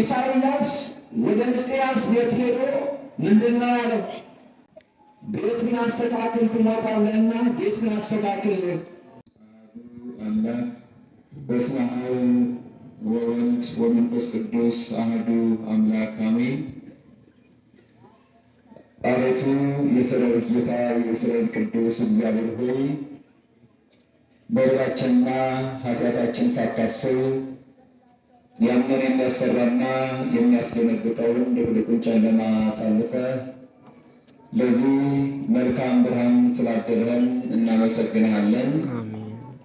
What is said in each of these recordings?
ኢሳይያስ ወደ ሕዝቅያስ ቤት ሄዶ ምንድን ነው ያለው? ቤቱን አስተካክል ትሞታለህና ቤቱን አስተካክል። አምላክ በስመ አብ ወወልድ ወመንፈስ ቅዱስ አህዱ አምላክ አሜን። አቤቱ የሰራዊት ጌታ የእስራኤል ቅዱስ እግዚአብሔር ሆይ በደላችንና ኃጢአታችን ሳታስብ ያንን የሚያስፈራና የሚያስደነግጠውን ድብልቁን ጨለማ አሳልፈ ለዚህ መልካም ብርሃን ስላደረህን እናመሰግንሃለን።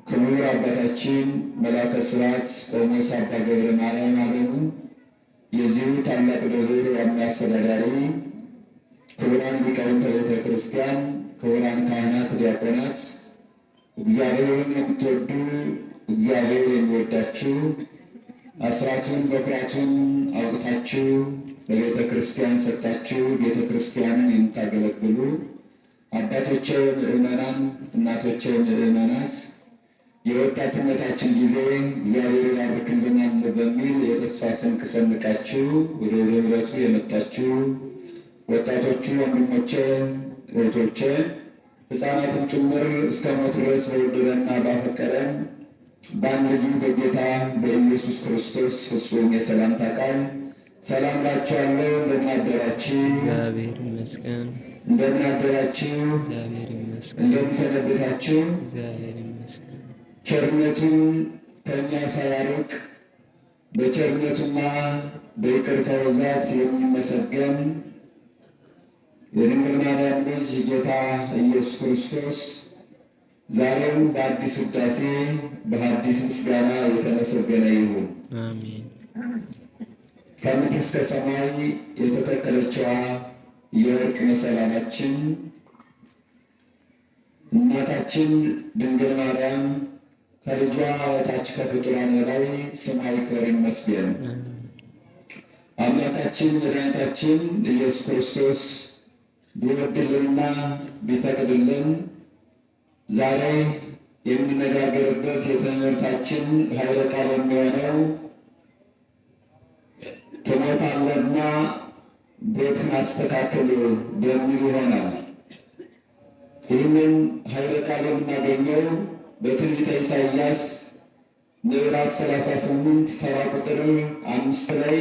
ክቡር አባታችን መላከ ስራት ቆሞስ አባ ገብረ ማርያም አለሙ የዚሁ ታላቅ ደብር ዋና አስተዳዳሪ፣ ክቡራን ሊቃውንተ ቤተ ክርስቲያን፣ ክቡራን ካህናት፣ ዲያቆናት እግዚአብሔርን የምትወዱ እግዚአብሔር የሚወዳችሁ አስራቱን በኩራቱን አውጥታችሁ በቤተ ክርስቲያን ሰጥታችሁ ቤተ ክርስቲያንን የምታገለግሉ አባቶቼ ምእመናን፣ እናቶቼ ምእመናት የወጣትነታችን ጊዜ እግዚአብሔር ይባርክልናል በሚል የተስፋ ስንቅ ሰንቃችሁ ወደ ደብረቱ የመጣችሁ ወጣቶቹ ወንድሞቼ፣ እህቶቼ ህፃናትን ጭምር እስከ ሞት ድረስ በወደደና ባፈቀረን በአንድ ልጁ በጌታ በኢየሱስ ክርስቶስ ፍጹም የሰላምታ ቃል ሰላም ላችኋለሁ። እንደምን አደራችሁ? እግዚአብሔር ይመስገን። እንደምን አደራችሁ? እግዚአብሔር ይመስገን። እንደምን ሰነበታችሁ? እግዚአብሔር ይመስገን። ቸርነቱን ከእኛ ሳያርቅ በቸርነቱና በይቅርታው ብዛት የሚመሰገን የድንግል ማርያም ልጅ ጌታ ኢየሱስ ክርስቶስ ዛሬም በአዲስ ውዳሴ በሐዲስ ምስጋና የተመሰገነ ይሁን። ከምድር እስከ ሰማይ የተተከለችዋ የወርቅ መሰላላችን እናታችን ድንግል ማርያም ከልጇ በታች ከፍጡራን በላይ ስሟ ይክበር ይመስገን። አምላካችን መድኃኒታችን ኢየሱስ ክርስቶስ ቢወድልንና ቢፈቅድልን ዛሬ የምንነጋገርበት የትምህርታችን ኃይለ ቃል የሚሆነው ትሞታለህና ቤትን አስተካክል በሚል ይሆናል። ይህንን ኃይለ ቃል የምናገኘው በትንቢተ ኢሳይያስ ምዕራፍ 38 ተራ ቁጥር አምስት ላይ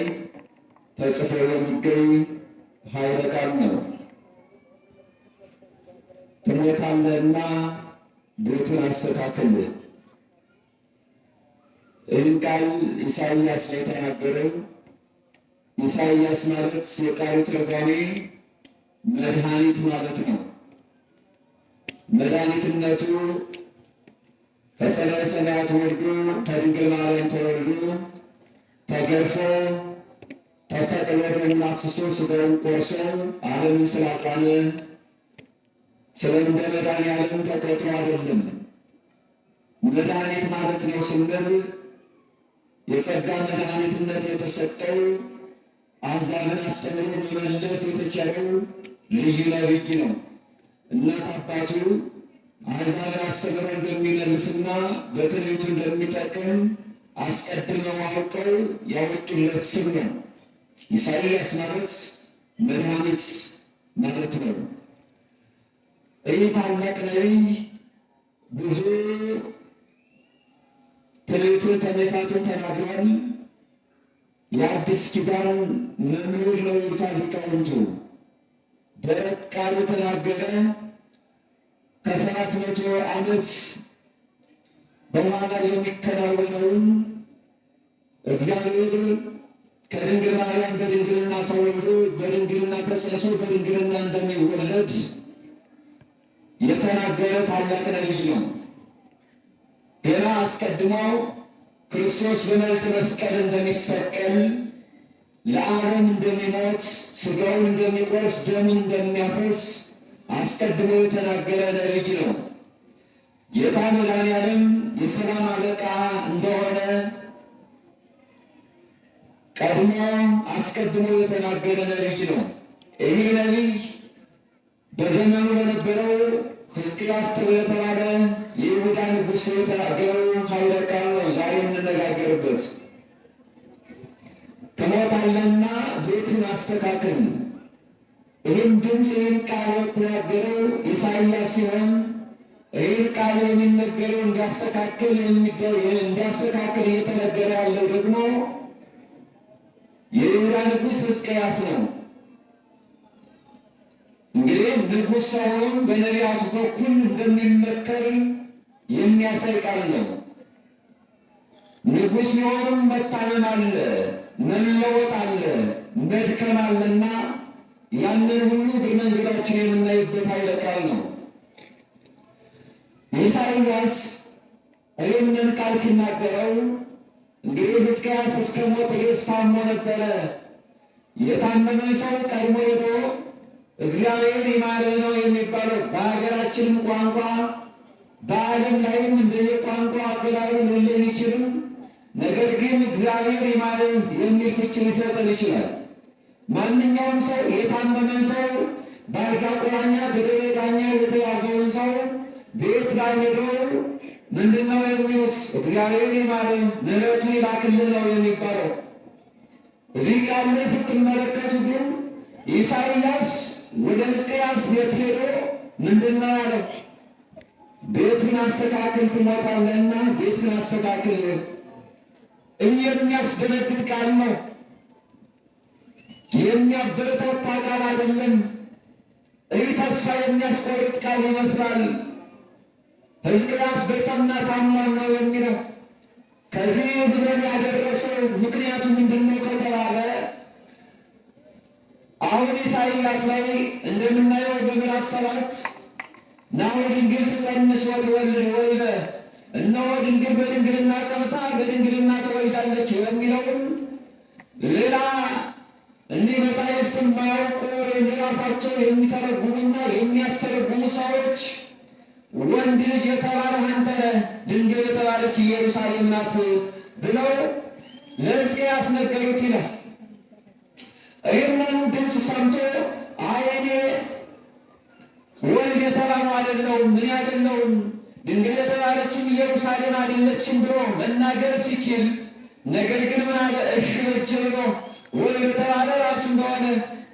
ተጽፎ የሚገኝ ኃይለ ቃል ነው። ትሞታለህና ቤቱን አስተካከለ። ይህን ቃል ኢሳይያስ ነው የተናገረው። ኢሳይያስ ማለት የቃሉ ትርጓሜ መድኃኒት ማለት ነው። መድኃኒትነቱ ከሰማይ ሰማያት ወርዶ ከድንግል ማርያም ተወልዶ ተገርፎ ተሰቅሎ ደሙን አፍስሶ ሥጋውን ቆርሶ ዓለምን ስላቋነ ስለ እንደ መድኃኒዓለም ተቆጥሮ አይደለም። መድኃኒት ማለት ነው ስንል የጸጋ መድኃኒትነት የተሰጠው አሕዛብን አስተምሮ መመለስ የተቻለው ልዩ ነቢይ ነው። እናት አባቱ አሕዛብን አስተምሮ እንደሚመልስና በትንቢቱ እንደሚጠቅም አስቀድመው አውቀው ያወጡለት ስም ነው። ኢሳይያስ ማለት መድኃኒት ማለት ነው። ይህ ታላቅ ነቢይ ብዙ ትርቱ ተመታቶ ተናግሯል። የአዲስ ኪዳን መምህር ነው ይሉታል ሊቃውንቱ። ደረቅ ቃል ተናገረ። ከሰባት መቶ ዓመት በኋላ የሚከናወነውን እግዚአብሔር ከድንግል ማርያም በድንግልና ተወልዶ በድንግልና ተጸንሶ በድንግልና እንደሚወለድ የተናገረ ታላቅ ነቢይ ነው። ገና አስቀድሞ ክርስቶስ በመልት መስቀል እንደሚሰቀል ለዓለም እንደሚሞት ስጋውን እንደሚቆርስ ደሙን እንደሚያፈስ አስቀድሞ የተናገረ ነቢይ ነው። ጌታ መድኃኔዓለም የሰላም አለቃ እንደሆነ ቀድሞ አስቀድሞ የተናገረ ነቢይ ነው። ይህ ነቢይ በዘመኑ በነበረው ሕዝቅያስ ተብሎ የተባለ የይሁዳ ንጉሥ የተናገረው ኃይለ ቃል ነው ዛሬ የምንነጋገርበት። ትሞታለህና ቤትን አስተካክል። ይህም ድምፅ ይህን ቃል የተናገረው ኢሳይያስ ሲሆን ይህን ቃል የሚነገረው እንዲያስተካክል እንዲያስተካክል እየተነገረ ያለው ደግሞ የይሁዳ ንጉሥ ሕዝቅያስ ነው። ይህም ንጉሥ ሳይሆን በነቢያት በኩል እንደሚመከር የሚያሳይ ቃል ነው። ንጉሥ ሲሆንም መታመም አለ፣ መለወጥ አለ፣ መድከም አለና ያንን ሁሉ በመንገዳችን የምናይበት ኃይለ ቃል ነው። ኢሳይያስ ይህንን ቃል ሲናገረው እንግዲህ ሕዝቅያስ እስከ ሞት ድረስ ታሞ ነበረ። የታመመ ሰው ቀድሞ ሄዶ እግዚአብሔር የማለ ነው የሚባለው በሀገራችንም ቋንቋ በዓለም ላይም እንደየ ቋንቋ አገላሉ ልልን ይችልም። ነገር ግን እግዚአብሔር የማለ የሚል ፍች ሊሰጠን ይችላል። ማንኛውም ሰው የታመመን ሰው በአልጋ ቁራኛ በደዌ ዳኛ የተያዘውን ሰው ቤት ላይ ሄዶ ምንድነው የሚሉት? እግዚአብሔር የማለን ምሕረቱ ይላክል ነው የሚባለው። እዚህ ቃል ላይ ስትመለከቱ ግን ኢሳይያስ ወደ ሕዝቅያስ ቤት ሄዶ ምንድን ነው አለው? ቤቱን አስተካክል፣ ትሞታለህና ቤቱን አስተካክል። ይህ የሚያስደነግጥ ቃል ነው፣ የሚያበረታታ ቃል አይደለም። ይህ ተስፋ የሚያስቆርጥ ቃል ይመስላል። ሕዝቅያስ በጸና ታሟን ነው የሚለው ከዚህ ብለን ያደረሰው ምክንያቱ ምንድን ከተባለ በምሳሌ አስራዊ እንደምናየው በምዕራፍ ሰባት ናሁ ድንግል ትጸንስ ወትወልድ ወይበ እነሆ ድንግል በድንግልና ጸንሳ በድንግልና ትወልዳለች የሚለውን ሌላ እኒህ መጻሕፍት የማያውቁ ወይም የራሳቸው የሚተረጉሙና የሚያስተረጉሙ ሰዎች ወንድ ልጅ የተባለው አንተ ድንግል የተባለች ኢየሩሳሌም ናት ብለው ለሕዝቅያስ ነገሩት ይላል። ይህንን ድምፅ ሰምቶ አይኔ እኔ ወልድ የተባለው አይደለሁም ምን አይደለሁም ድንግል የተባለችም ኢየሩሳሌም አይደለችም ብሎ መናገር ሲችል፣ ነገር ግን ምን አለ? እሺ ወጀ ብሎ ወልድ የተባለ ራሱ እንደሆነ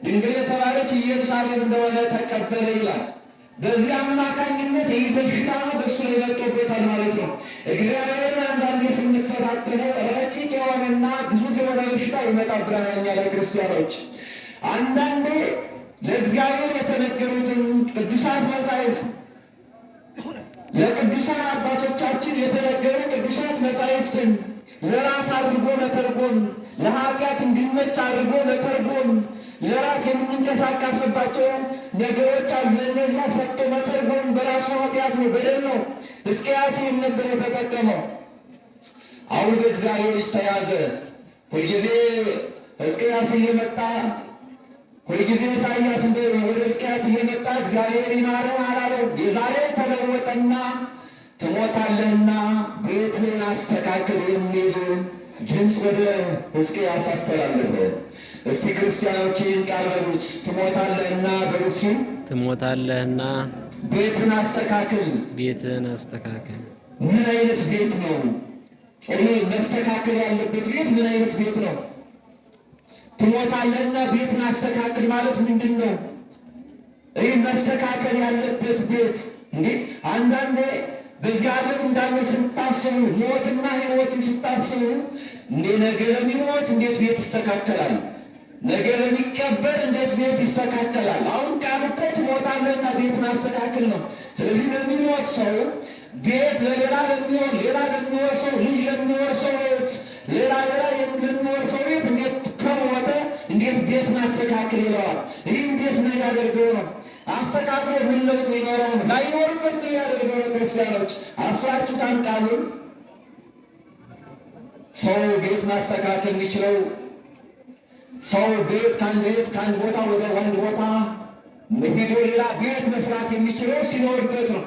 ድንግል የተባለች ኢየሩሳሌም እንደሆነ ተቀበለ ይላል። በዚህ አማካኝነት ይህ በሽታ በሱ ላይ መጥቶበታል ማለት ነው። እግዚአብሔር አንዳንዴ ስንፈታተነ ረቂቅ የሆነና ብዙ የሆነ በሽታ ይመጣብናል እኛ ላይ ክርስቲያኖች። አንዳንዴ ለእግዚአብሔር የተነገሩትን ቅዱሳት መጻሕፍት ለቅዱሳን አባቶቻችን የተነገሩ ቅዱሳት መጻሕፍትን ለራስ አድርጎ መተርጎም፣ ለኃጢአት እንዲመች አድርጎ መተርጎም ወራት የምንንቀሳቀስባቸው ነገሮች አሉ። እነዚያ ፈጥ መተርጎም በራሱ ኃጢአት ነው፣ በደል ነው። ሕዝቅያስ ይህን ነበር የተጠቀመው። አሁን በእግዚአብሔር እጅ ተያዘ። ሁልጊዜ ሕዝቅያስ እየመጣ ሁልጊዜ ኢሳያስ እንደ ወደ ሕዝቅያስ እየመጣ እግዚአብሔር ይማረን አላለው። የዛሬ ተለወጠና ትሞታለህና ቤትህን አስተካክል የሚል ድምፅ ወደ ሕዝቅያስ አስተላለፈ። እስቲ ክርስቲያኖችን ቃል በሉት። ትሞታለህና በሉሲ ትሞታለህና ቤትን አስተካክል፣ ቤትን አስተካክል። ምን አይነት ቤት ነው ይሄ? መስተካከል ያለበት ቤት ምን አይነት ቤት ነው? ትሞታለህና ቤትን አስተካክል ማለት ምንድን ነው? ይህ መስተካከል ያለበት ቤት እንዴ! አንዳንዴ በዚህ ዓለም እንዳለ ስታስቡ ህይወትና ህይወትን ስታስቡ እንዴ ነገረ ቢሞት እንዴት ቤት ይስተካከላል? ነገ ለሚቀበል እንዴት ቤት ይስተካከላል? አሁን ቃል እኮ ትሞታለና ቤት ማስተካከል ነው። ስለዚህ ለሚሞት ሰው ቤት ለሌላ ለሚሆን ሌላ ሰው ልጅ ሰው ሌላ ሌላ ሰው ቤት እንዴት ከሞተ እንዴት ቤት ማስተካከል ይለዋል። ይህ እንዴት ነው ያደርገው ነው አስተካክሎ ምን ለውጥ ይኖረው ላይኖርበት ነው ያደርገው ነው። ክርስቲያኖች አስራችሁታን ቃሉን ሰው ቤት ማስተካከል የሚችለው ሰው ቤት ከአንድ ቤት ከአንድ ቦታ ወደ አንድ ቦታ ሄዶ ሌላ ቤት መስራት የሚችለው ሲኖርበት ነው።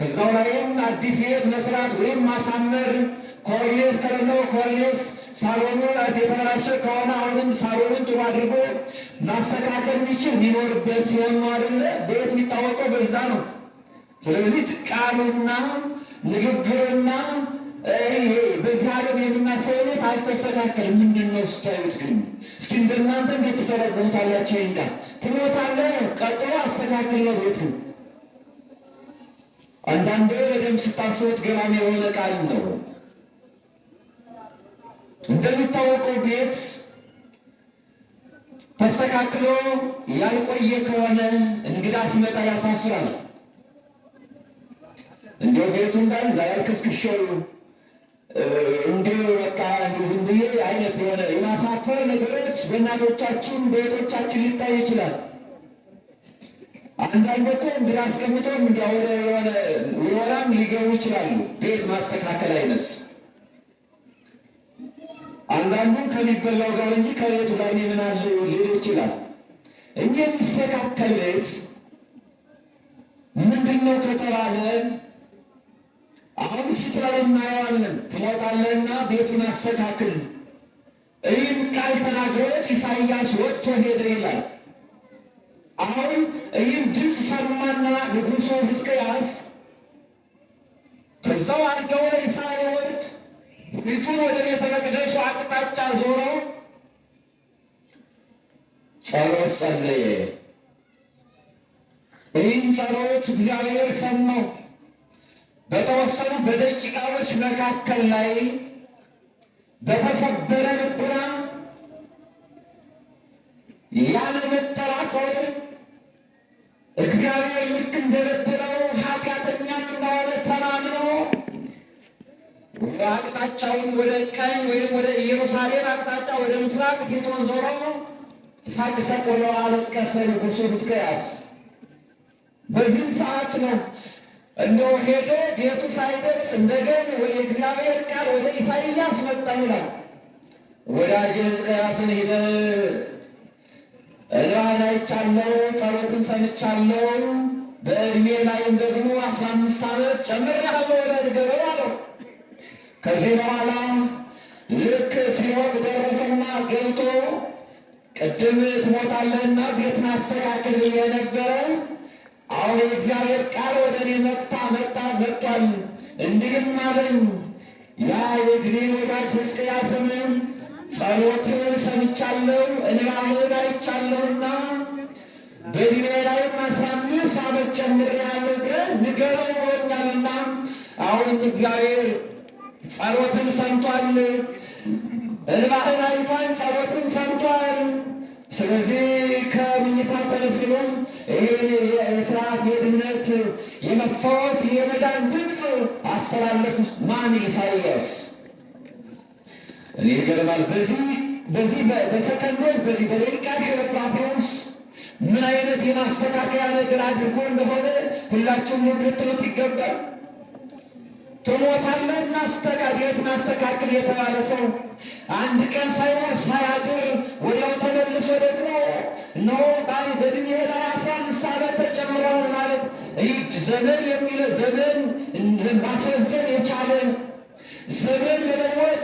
ከዛው ላይም አዲስ ቤት መስራት ወይም ማሳመር ኮርኔስ ከለሎ ኮርኔስ ሳሎኑን የተበላሸ ከሆነ አሁንም ሳሎኑን ጥሩ አድርጎ ማስተካከል የሚችል ሊኖርበት ሲሆን ነው አይደለ? ቤት የሚታወቀው በዛ ነው። ስለዚህ ቃሉና ንግግርና ይሄ በዚህ ዓለም የልማት ሰውነት አልተስተካከል። ምንድን ነው ስታዩት ግን? እስኪ እንደናንተ እንዴት ትተረጉታላችሁ? ይንዳል ትሞታለህ፣ ቀጥሎ አስተካክል ነው አንዳንዴ በደንብ ስታስቡት ገራሚ የሆነ ቃል ነው። እንደሚታወቀው ቤት ተስተካክሎ ያልቆየ ከሆነ እንግዳ ሲመጣ ያሳፍራል። እንዲያው ቤቱ እንዳለ ላያልከስክሸው እንዲሁ በቃ ዝም ብዬ አይነት የሆነ የማሳፈር ነገሮች በእናቶቻችን በእህቶቻችን ሊታይ ይችላል። አንዳንዶቹ እንግዳ አስቀምጠውም እንዲ ወደ የሆነ ወራም ሊገቡ ይችላሉ። ቤት ማስተካከል አይነት አንዳንዱም ከሚበላው ጋር እንጂ ከቤቱ ጋር ምናለ ሊል ይችላል። እኛ የሚስተካከል ቤት ምንድን ነው ከተባለ አሁን ፊት ላይ እናየዋለን። ትሞታለህና ቤቱን አስተካክል። ይህን ቃል ተናግሮት ኢሳይያስ ወጥቶ ሄደ ይላል። አሁን ይህን ድምፅ ሰማና ንጉሶ ሕዝቅያስ ከዛው አልጋው ላይ ሳይወርድ ፊቱን ወደ ቤተ መቅደሱ አቅጣጫ ዞሮ ጸሎት ጸለየ። ይህን ጸሎት እግዚአብሔር ሰማው። በተወሰኑ በደቂቃዎች መካከል ላይ በተሰበረ ልቡና ያለመጠራጠር እግዚአብሔር ልክ እንደበደለው ኃጢአተኛ እንደሆነ ተማምኖ አቅጣጫውን ወደ ቀኝ ወይም ወደ ኢየሩሳሌም አቅጣጫ ወደ ምስራቅ ፊቱን ዞሮ ሳቅ ሰቅ ብሎ አለቀሰ ንጉሡ ሕዝቅያስ። በዚህም ሰዓት ነው እንደው ሄደ ቤቱ ሳይደርስ እንደገን ወደ እግዚአብሔር ቃል ወደ ኢሳይያስ መጣ ይላል። ወዳጅ ሕዝቅያስን ሄደ ራእይ አይቻለው፣ ጸሎትን ሰምቻለው፣ በእድሜ ላይም ደግሞ አስራ አምስት ዓመት ጨምሬሃለሁ ወደ እድገበው አለው። ከዚህ በኋላ ልክ ሲወቅ ደረሰና ገልጦ ቅድም ትሞታለህና ቤትን አስተካክል የነበረ አሁን የእግዚአብሔር ቃል ወደ እኔ መጣ መጣ መጥቷል፣ እንዲህም አለኝ ያ የግኔ ወዳጅ ሕዝቅያስም ጸሎትን ሰምቻለሁ እንባህን አይቻለሁና በእድሜ ላይ አስራ አምስት ዓመት ጨምሬአለሁ ብለህ ንገረው ብሎኛልና አሁንም እግዚአብሔር ጸሎትን ሰምቷል፣ እንባህን አይቷል፣ ጸሎትን ሰምቷል። ስለዚህ ከምኝታ ተነስሎም የስርዓት የድነት የመፈወስ የመዳን ድምፅ አስተላለፍ ማን? ኢሳይያስ። እኔ ይገርማል። በዚህ በዚህ በሰከንዶች በዚህ በደቂቃ ሸረፋፊ ምን አይነት የማስተካከያ ነገር አድርጎ እንደሆነ ሁላችሁም ልትጥሉት ይገባል። ትሞታለህ ማስተቃል የት ማስተካከል የተባለ ሰው አንድ ቀን ሳይኖር ሳያድር ወዲያው ተመልሶ ደግሞ ኖ ባይ በድሜ ላይ አስራ አምስት ዓመት ተጨምሯል ማለት ይድ ዘመን የሚለ ዘመን ማሰንሰን የቻለ ዘመን መለወጥ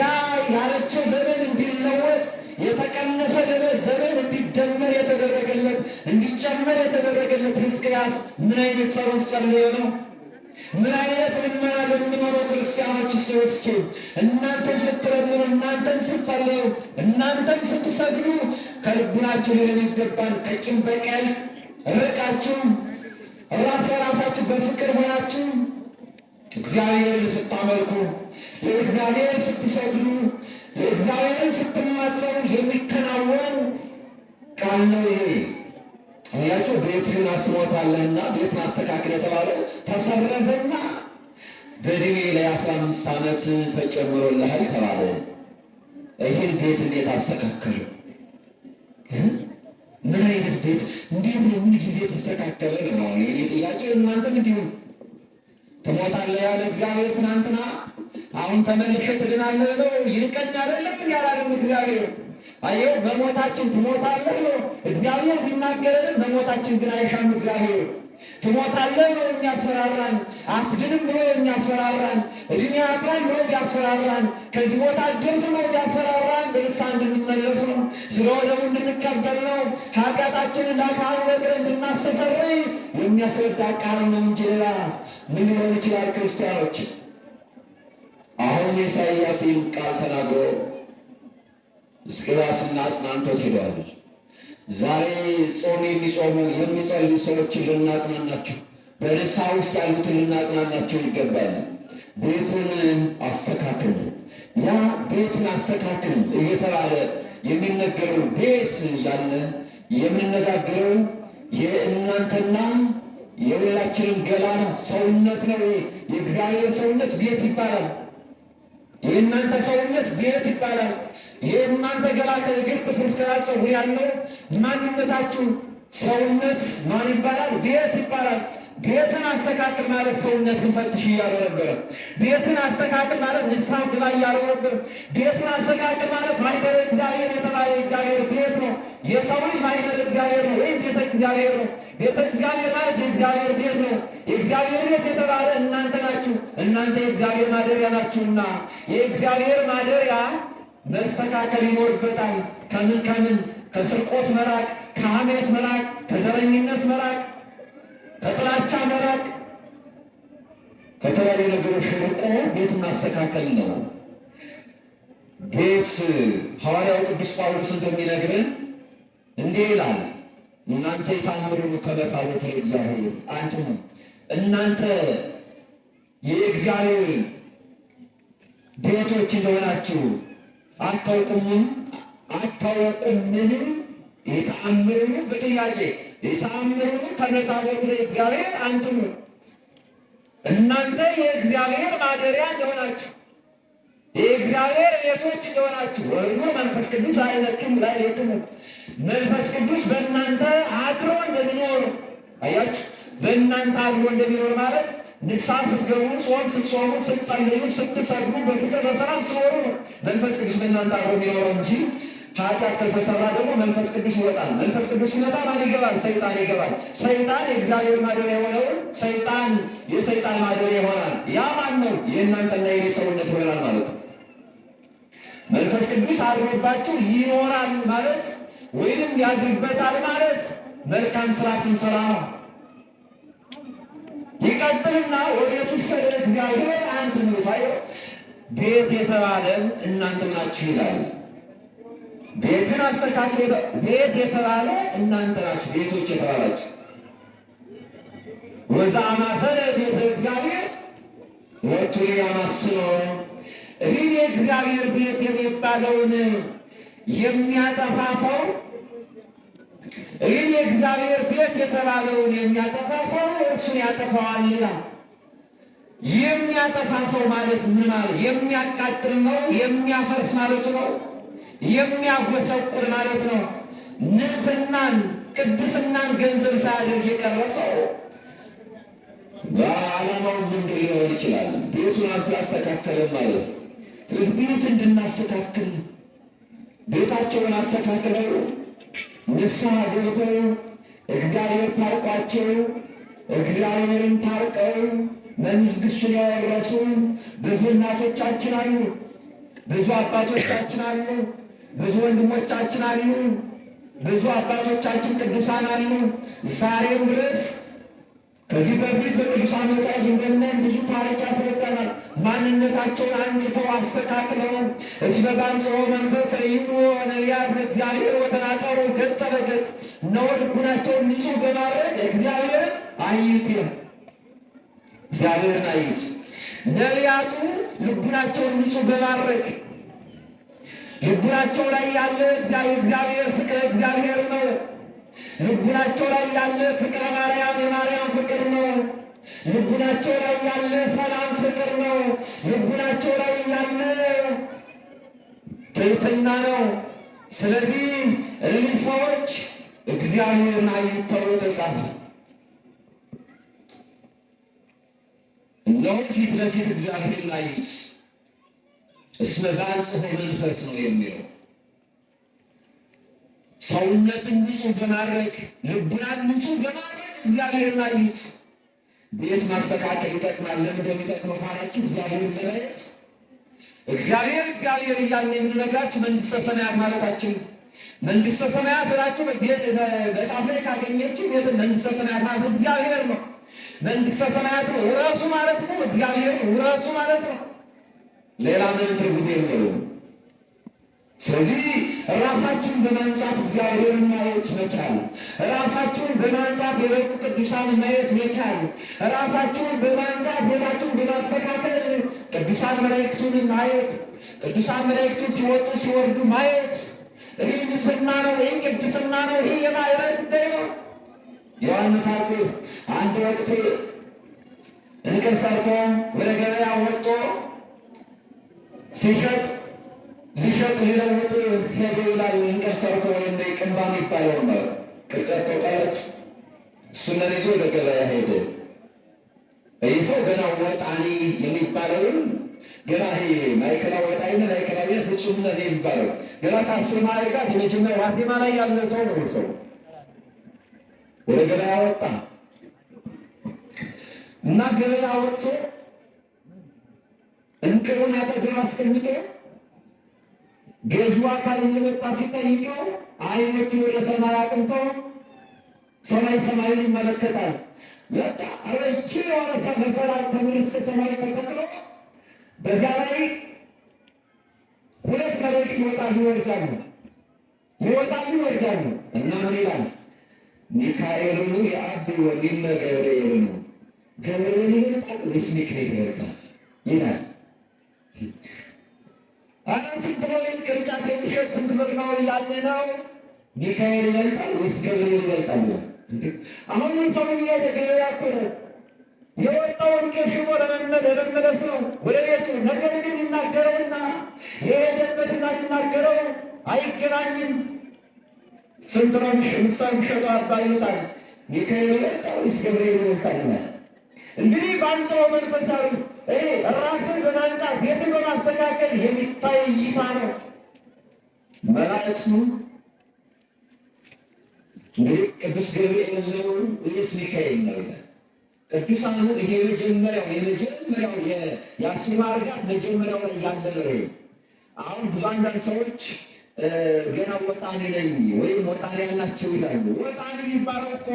ያ ያለቸው ዘመን እንዲለወጥ የተቀነሰ ዘመን እንዲደመር የተደረገለት እንዲጨመር የተደረገለት ሕዝቅያስ ምን አይነት ጸሎት ጸልዮ ነው? ምን አይነት ልመና የሚኖሩ ክርስቲያኖች ሲሆን እስኪ እናንተም ስትለምኑ፣ እናንተም ስትጸልዩ፣ እናንተም ስትሰግዱ ከልቡናችሁ ሊለን ይገባል። ከቂም በቀል ርቃችሁ ራስ የራሳችሁ በፍቅር ሆናችሁ እግዚአብሔር ስታመልኩ፣ ለእግዚአብሔር ስትሰግዱ፣ ለእግዚአብሔርን ስትማጸኑ የሚከናወን ቃል ነው ይሄ። አያቸው ቤትህን አስሞታለህና ቤት አስተካክል የተባለ ተሰረዘና በእድሜ ላይ አስራ አምስት ዓመት ተጨምሮልሃል ተባለ። ይህን ቤት እንዴት አስተካከሉ? ምን አይነት ቤት እንዴት ነው ምን ጊዜ ተስተካከለ ነው የኔ ጥያቄ። እናንተ እንዲሁ ትሞታለህ ያለ እግዚአብሔር ትናንትና፣ አሁን ተመልሼ ትድናለህ ነው ይንቀኝ አይደለም እንዲያላለም እግዚአብሔር አየው በሞታችን ትሞታለህ ነው እግዚአብሔር ቢናገረንም በሞታችን ግን አይሻም እግዚአብሔር። ትሞታለህ ነው የሚያስፈራራን፣ አትድንም ብሎ የሚያስፈራራን፣ እድሜ አጥራን ብሎ ያስፈራራን፣ ከዚህ ቦታ አትደርስ ነው ያስፈራራን። በንሳ እንድንመለሱ ስለ ወደሙ እንድንቀበል ነው፣ ኃጢአታችንን ለአካሉ ነገር እንድናስተሰርይ የሚያስረዳ ቃል ነው እንጂ ሌላ ምን ሊሆን ይችላል? ክርስቲያኖች አሁን የኢሳይያስን ቃል ተናግሮ ቅባስና አጽናንቶት ሄደዋል። ዛሬ ጾም የሚጾሙ የሚጸልዩ ሰዎች ልናጽናናቸው፣ በርሳ ውስጥ ያሉትን ልናጽናናቸው ይገባል። ቤትን አስተካክል፣ ያ ቤትን አስተካክል እየተባለ የሚነገሩ ቤት እያለ የምንነጋገረው የእናንተና የሁላችንን ገላ ነው፣ ሰውነት ነው። የእግዚአብሔር ሰውነት ቤት ይባላል። የእናንተ ሰውነት ቤት ይባላል። የእናንተ ገላተ ግብፅ ፍርስራጭ ፀጉር ያለው ማንነታችሁ ሰውነት ማን ይባላል? ቤት ይባላል። ቤትን አስተካክል ማለት ሰውነትን ፈትሽ እያለ ነበረ። ቤትን አስተካክል ማለት ንስሐ ግባ እያለ ነበር። ቤትን አስተካክል ማለት ማይደረ እግዚአብሔር የተባለ እግዚአብሔር ቤት ነው። የሰው ልጅ ማይደረ እግዚአብሔር ነው ወይም ቤተ እግዚአብሔር ነው። ቤተ እግዚአብሔር ማለት የእግዚአብሔር ቤት ነው። የእግዚአብሔር ቤት የተባለ እናንተ ናችሁ። እናንተ የእግዚአብሔር ማደሪያ ናችሁና የእግዚአብሔር ማደሪያ መስተካከል ይኖርበታል። ከምን ከምን ከስርቆት መራቅ፣ ከሐሜት መራቅ፣ ከዘረኝነት መራቅ፣ ከጥላቻ መራቅ፣ ከተለያዩ ነገሮች ርቆ ቤቱን ማስተካከል ነው። ቤት ሐዋርያው ቅዱስ ጳውሎስ እንደሚነግርን እንዲህ ይላል፣ እናንተ የታምሩ ከመቃወት የእግዚአብሔር አንትሙ እናንተ የእግዚአብሔር ቤቶች እንደሆናችሁ አታውቁምን? አታውቁምን? የተአምርን በጥያቄ የተአምርን ከነታቦት ለእግዚአብሔር አንትሙ እናንተ የእግዚአብሔር ማደሪያ እንደሆናችሁ የእግዚአብሔር ቤቶች እንደሆናችሁ ወይኑ መንፈስ ቅዱስ አይለችም ላይ የትሙ መንፈስ ቅዱስ በእናንተ አድሮ እንደሚኖር አያችሁ። በእናንተ አድሮ እንደሚኖር ማለት ንሳ ስትገቡ፣ ጾም ስትጾሙ፣ ስትጸልዩ፣ ስትሰግዱ፣ በፍቅር በሰላም ስኖሩ ነው መንፈስ ቅዱስ በእናንተ አብሮ የሚኖረው እንጂ ኃጢአት ከተሰራ ደግሞ መንፈስ ቅዱስ ይወጣል። መንፈስ ቅዱስ ሲመጣ ማን ይገባል? ሰይጣን ይገባል። ሰይጣን የእግዚአብሔር ማደሪያ የሆነው ሰይጣን የሰይጣን ማደሪያ ይሆናል። ያ ማን ነው? የእናንተና የኔ ሰውነት ይሆናል ማለት ነው። መንፈስ ቅዱስ አድሮባችሁ ይኖራል ማለት ወይንም ያድርበታል ማለት መልካም ስራ ስንሰራ ነው። ይቀጥልና ወዴት ውሰደ እግዚአብሔር አንተ ነው ቤት የተባለም እናንተ ናችሁ ይላል። ቤትን አስተካክለ ቤት የተባለ እናንተ ናችሁ ቤቶች የተባላችሁ ወዛ አማሰለ ቤተ እግዚአብሔር ወጡ ያማስሎ ይህ የእግዚአብሔር ቤት የሚባለውን የሚያጠፋ ሰው ይህ የእግዚአብሔር ቤት የተባለውን የሚያጠፋ ሰው እርሱን ያጠፋዋል የሚያጠፋ ሰው ማለት ምን ማለት? የሚያቃጥል ነው፣ የሚያፈርስ ማለት ነው፣ የሚያጎሰቁል ማለት ነው። ንጽሕናን ቅድስናን ገንዘብ ሳያደርግ የቀረ ሰው በዓላማው ምንድን ሊሆን ይችላል? ቤቱን አላስተካከለም ማለት ነው። ስለዚህ ቤት እንድናስተካክል ቤታቸውን አስተካክለው ንስሐ ገብተው እግዚአብሔር ታርቋቸው እግዚአብሔርን ታርቀው መንግሥቱን ያወረሱ ብዙ እናቶቻችን አሉ፣ ብዙ አባቶቻችን አሉ፣ ብዙ ወንድሞቻችን አሉ፣ ብዙ አባቶቻችን ቅዱሳን አሉ ዛሬም ድረስ ከዚህ በፊት በቅዱሳን መጻሕፍት እንደምናየው ብዙ ታሪክ ያስረዳናል። ማንነታቸውን አንጽተው አስተካክለው እስመ ባንጽሖ መንፈስ ይሁ ነቢያት እግዚአብሔር ወተናጸሩ ገጸ በገጽ ነው ልቡናቸውን ንጹ በማድረግ አይት አዩት። እግዚአብሔርን አይት ነቢያቱ ልቡናቸውን ንጹሕ በማድረግ ልቡናቸው ላይ ያለ እግዚአብሔር ፍቅር እግዚአብሔር ነው። ልቡናቸው ላይ ያለ ፍቅረ ማርያም የማርያም ፍቅር ነው። ልቡናቸው ላይ ያለ ሰላም ፍቅር ነው። ልቡናቸው ላይ ያለ ትሕትና ነው። ስለዚህ እሊህ ሰዎች እግዚአብሔርን አይተው ተጻፈ። እንደውም ፊት ለፊት እግዚአብሔርን አዩት። እስመ ገአጽሖ መንፈስ ነው የሚለው ሰውነትን ንጹህ በማድረግ ልቡናን ንጹህ በማድረግ እግዚአብሔር አግኝት። ቤት ማስተካከል ይጠቅማል። ለምን እንደሚጠቅመው ካላችሁ እግዚአብሔር ለማየት እግዚአብሔር እግዚአብሔር እያልን የምንነግራችሁ መንግስተ ሰማያት ማለታችን መንግስተ ሰማያት እላችሁ በጻፍ ላይ ካገኘችው ቤት መንግስተ ሰማያት ማለት እግዚአብሔር ነው። መንግስተ ሰማያት ነው፣ ውረሱ ማለት ነው። እግዚአብሔር ውረሱ ማለት ነው። ሌላ ምንም ትርጉም የለውም። ስለዚህ ራሳችን በማንጻት እግዚአብሔርን ማየት መቻል፣ ራሳችን በማንጻት የረቁ ቅዱሳን ማየት መቻል፣ ራሳችን በማንጻት ቤታችን በማስተካከል ቅዱሳን መላእክቱን ማየት፣ ቅዱሳን መላእክቱ ሲወጡ ሲወርዱ ማየት። ይህ ንስና ነው። ይህ ቅዱስና ነው። ይህ የማይረት ነው። ዮሐንስ አጽብ አንድ ወቅት እንቅብ ሰርቶ ወደ ገበያ ወጦ ሲሸጥ ሊሸጥ ሊለውጥ ሄዶ ይላል። እንቅር ሰርቶ ወይም ቅንባ የሚባለው ነው። ቅርጫት ተውቃለች። እሱነን ይዞ ወደ ገበያ ሄደ። ይህ ሰው ገና ወጣኒ የሚባለውን ገና ይሄ ማይከላ ወጣኒ ማይከላዊ ፍጹም ነህ የሚባለው ገና ከአስር ማዕርጋት የመጀመሪያ ዋቴማ ላይ ያለ ሰው ነው። ሰው ወደ ገበያ ወጣ እና ገበያ ወጥቶ እንቅሩን አጠገብ አስቀምጦ ገዢው አካል እየመጣ ሲጠይቀው አይኖቹ ወደ ሰማይ አቅንቶ ሰማይ ሰማይን ይመለከታል። በቃ ረቺ የሆነ መሰላል ተመልሶ ሰማይ ተፈጥሮ በዛ ላይ ሁለት መላእክት ይወጣሉ ይወርዳሉ፣ ይወጣሉ ይወርዳሉ። እና ምን ይላል? ሚካኤልን የአብ ወዲነ ገብርኤል ገብርኤል ይወጣል፣ ቅዱስ ሚካኤል ይወርዳል ይላል። አራት ትሎሌት ቅርጫት የሚሸጥ ስንት ብር ነው እያለ ነው። ሚካኤል ይበልጣል ወይስ ገብርኤል ይበልጣል? አሁን ሰው ሚሄደ ገበያ እኮ ነው የወጣው ወርቄ ለመመለስ ነው ወደ ቤቱ። ነገር ግን ይናገረውና የሄደበትና ይናገረው አይገናኝም። ስንት ነው ምሳ የሚሸጠው? አባ ይወጣል። ሚካኤል ይበልጣል ወይስ ገብርኤል ይበልጣል? እንግዲህ በአንጻው መንፈሳዊ ራስን በማንጻት ቤትን በማስተካከል የሚታይ እይታ ነው። መላእክቱ እንግዲህ ቅዱስ ገብርኤል ነው ወይስ ሚካኤል ነው ቅዱሳኑ ይሄ የመጀመሪያው የመጀመሪያው የአርሴማ እርጋት መጀመሪያው ላይ ያለ ነው። አሁን ብዙ አንዳንድ ሰዎች ገና ወጣኔ ነኝ ወይም ወጣኔ ያላቸው ይላሉ። ወጣኔ የሚባለው እኮ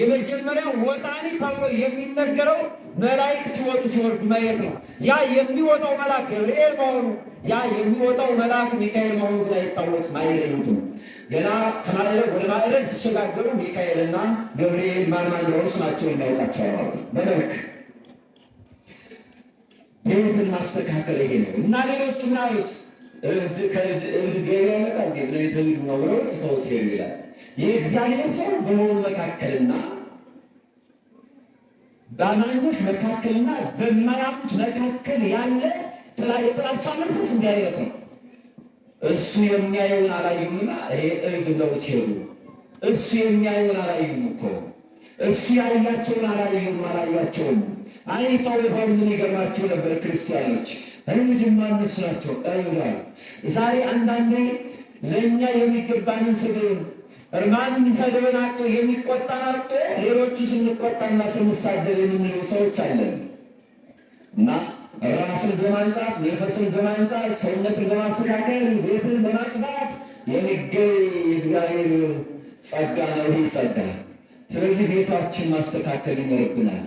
የመጀመሪያው ወጣኔ ተብሎ የሚነገረው መላእክት ሲወጡ ሲወርዱ ማየት ነው። ያ የሚወጣው መልአክ ገብርኤል መሆኑ ያ የሚወጣው መልአክ ሚካኤል መሆኑ ላይ አይታወቅ ማይለዩት ገና ከማዕረግ ወደ ማዕረግ ሲሸጋገሩ ሚካኤልና ገብርኤል ማንማ እንደሆኑ ስማቸው ይታወቃቸዋል ማለት ነው። በመልክ ቤትን ማስተካከል ይሄ ነው እና ሌሎች ናዩት እርድ ገበያ ይመጣል ለቤተዊድ ነው ብለው ትተውት ይላል። የእግዚአብሔር ሰው በመሆኑ መካከልና በአማኞች መካከልና በማያሙት መካከል ያለ የጥላቻ መንፈስ እንዲያየት ነው። እሱ የሚያየውን አላዩምና እርድ ብለውት ሄዱ። እሱ የሚያየውን አላዩም እኮ እሱ ያያቸውን አላዩም አላያቸውም አይተው ይሆን ምን ይገርማችሁ ነበር ክርስቲያኖች። እንግዲህ እነሱ ናቸው እንጋል ዛሬ አንዳንዴ ለእኛ የሚገባንን ስድብን እርማን ሰድብን አቶ የሚቆጣን አቶ ሌሎቹ ስንቆጣና ስንሳደብ የምንሉ ሰዎች አለን እና ራስን በማንጻት መንፈስን በማንጻት ሰውነትን በማስተካከል ቤትን በማጽዳት የሚገኝ የእግዚአብሔር ጸጋ ነው። ይህ ስለዚህ ቤታችን ማስተካከል ይኖርብናል።